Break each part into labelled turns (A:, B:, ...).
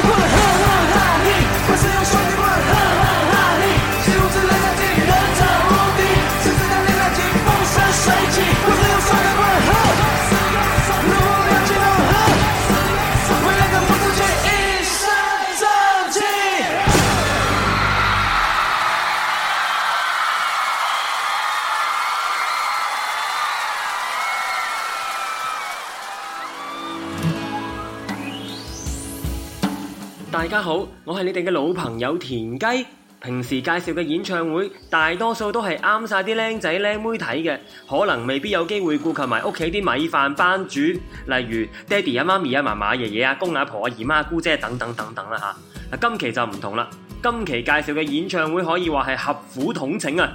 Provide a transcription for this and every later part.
A: 大家好，我係你哋嘅老朋友田雞，平時介紹嘅演唱會大多數都係啱晒啲靚仔靚妹睇嘅，可能未必有機會顧及埋屋企啲米飯班主，例如爹地、啊、媽咪啊、嫲嫲、爺爺啊、公阿婆啊、姨媽、姑姐等等等等。今期就唔同啦，今期介紹嘅演唱會可以話係合府統請啊。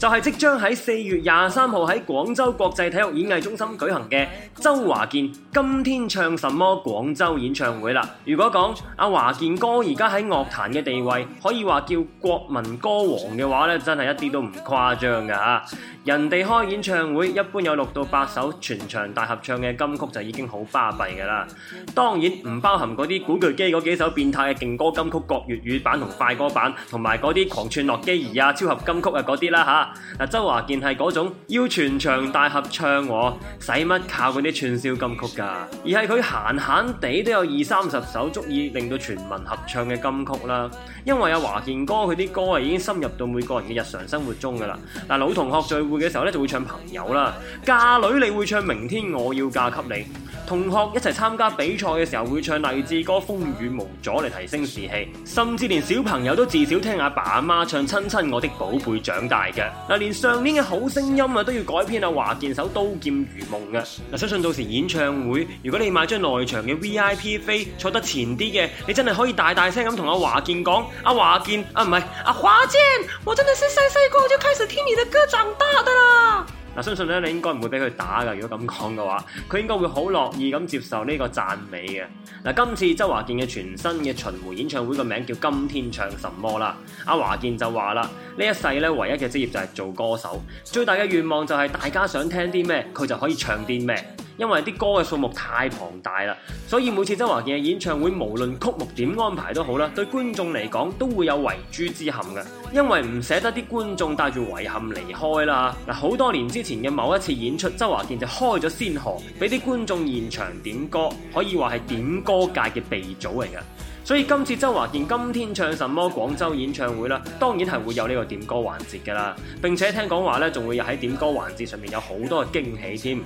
A: 就係即將喺四月廿三號喺廣州國際體育演藝中心舉行嘅周華健今天唱什麼廣州演唱會啦！如果講阿華健哥而家喺樂壇嘅地位，可以話叫國民歌王嘅話咧，真係一啲都唔誇張㗎吓！人哋開演唱會一般有六到八首全場大合唱嘅金曲就已經好巴閉㗎啦，當然唔包含嗰啲古巨基嗰幾首變態嘅勁歌金曲國粵語版同快歌版，同埋嗰啲狂串樂基兒啊、超合金曲啊嗰啲啦吓。周華健係嗰種要全場大合唱我，使乜靠嗰啲串燒金曲噶？而係佢閒閒地都有二三十首足以令到全民合唱嘅金曲啦。因為阿華健哥佢啲歌係已經深入到每個人嘅日常生活中噶啦。嗱，老同學聚會嘅時候咧就會唱《朋友》啦，嫁女你會唱《明天我要嫁給你》，同學一齊參加比賽嘅時候會唱勵志歌《風雨無阻》嚟提升士氣，甚至連小朋友都至少聽阿爸阿媽唱《親親我的寶貝》長大嘅。嗱，連上年嘅好聲音啊都要改編阿華健首《刀劍如夢》啊，嗱，相信到時演唱會，如果你買張內場嘅 V I P 飛，坐得前啲嘅，你真係可以大大聲咁同阿華健講，阿華健，啊唔係，阿華健，我真係從細細個就開始聽你的歌長大的啦。相信咧，你應該唔會俾佢打㗎。如果咁講嘅話，佢應該會好樂意咁接受呢個讚美嘅。嗱，今次周華健嘅全新嘅巡迴演唱會個名叫《今天唱什麼》啦。阿華健就話啦，呢一世咧，唯一嘅職業就係做歌手，最大嘅願望就係大家想聽啲咩，佢就可以唱啲咩。因為啲歌嘅數目太龐大啦，所以每次周華健嘅演唱會，無論曲目點安排都好啦，對觀眾嚟講都會有遺珠之憾嘅，因為唔捨得啲觀眾帶住遺憾離開啦。嗱，好多年之前嘅某一次演出，周華健就開咗先河，俾啲觀眾現場點歌，可以話係點歌界嘅鼻祖嚟㗎。所以今次周華健今天唱什麼廣州演唱會啦，當然係會有呢個點歌環節㗎啦。並且聽講話咧，仲會有喺點歌環節上面有好多嘅驚喜添。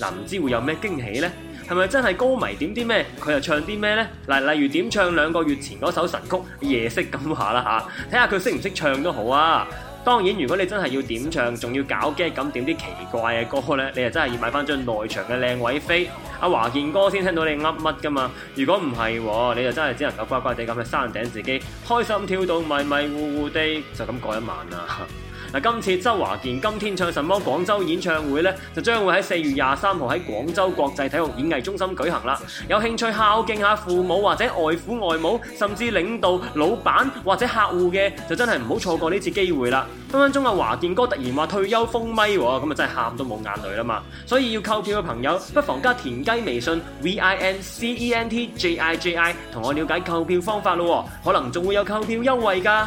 A: 嗱，唔知會有咩驚喜呢？係咪真係歌迷點啲咩，佢又唱啲咩呢？嗱，例如點唱兩個月前嗰首神曲《夜色》咁話啦嚇，睇下佢識唔識唱都好啊。當然，如果你真係要點唱，仲要搞機咁點啲奇怪嘅歌呢？你又真係要買翻張內場嘅靚位飛。阿、啊、華健哥先聽到你噏乜㗎嘛？如果唔係，你就真係只能夠乖乖地咁去山頂，自己開心跳到迷迷糊糊地就咁過一晚啦。嗱，今次周華健今天唱什麼廣州演唱會咧，就將會喺四月廿三號喺廣州國際體育演藝中心舉行啦。有興趣孝敬下父母或者外父外母，甚至領導、老闆或者客戶嘅，就真係唔好錯過呢次機會啦。分分鐘阿華健哥突然話退休封咪喎，咁啊真係喊都冇眼淚啦嘛。所以要購票嘅朋友，不妨加田雞微信 v i n c e n t j i j i 同我了解購票方法咯，可能仲會有購票優惠㗎。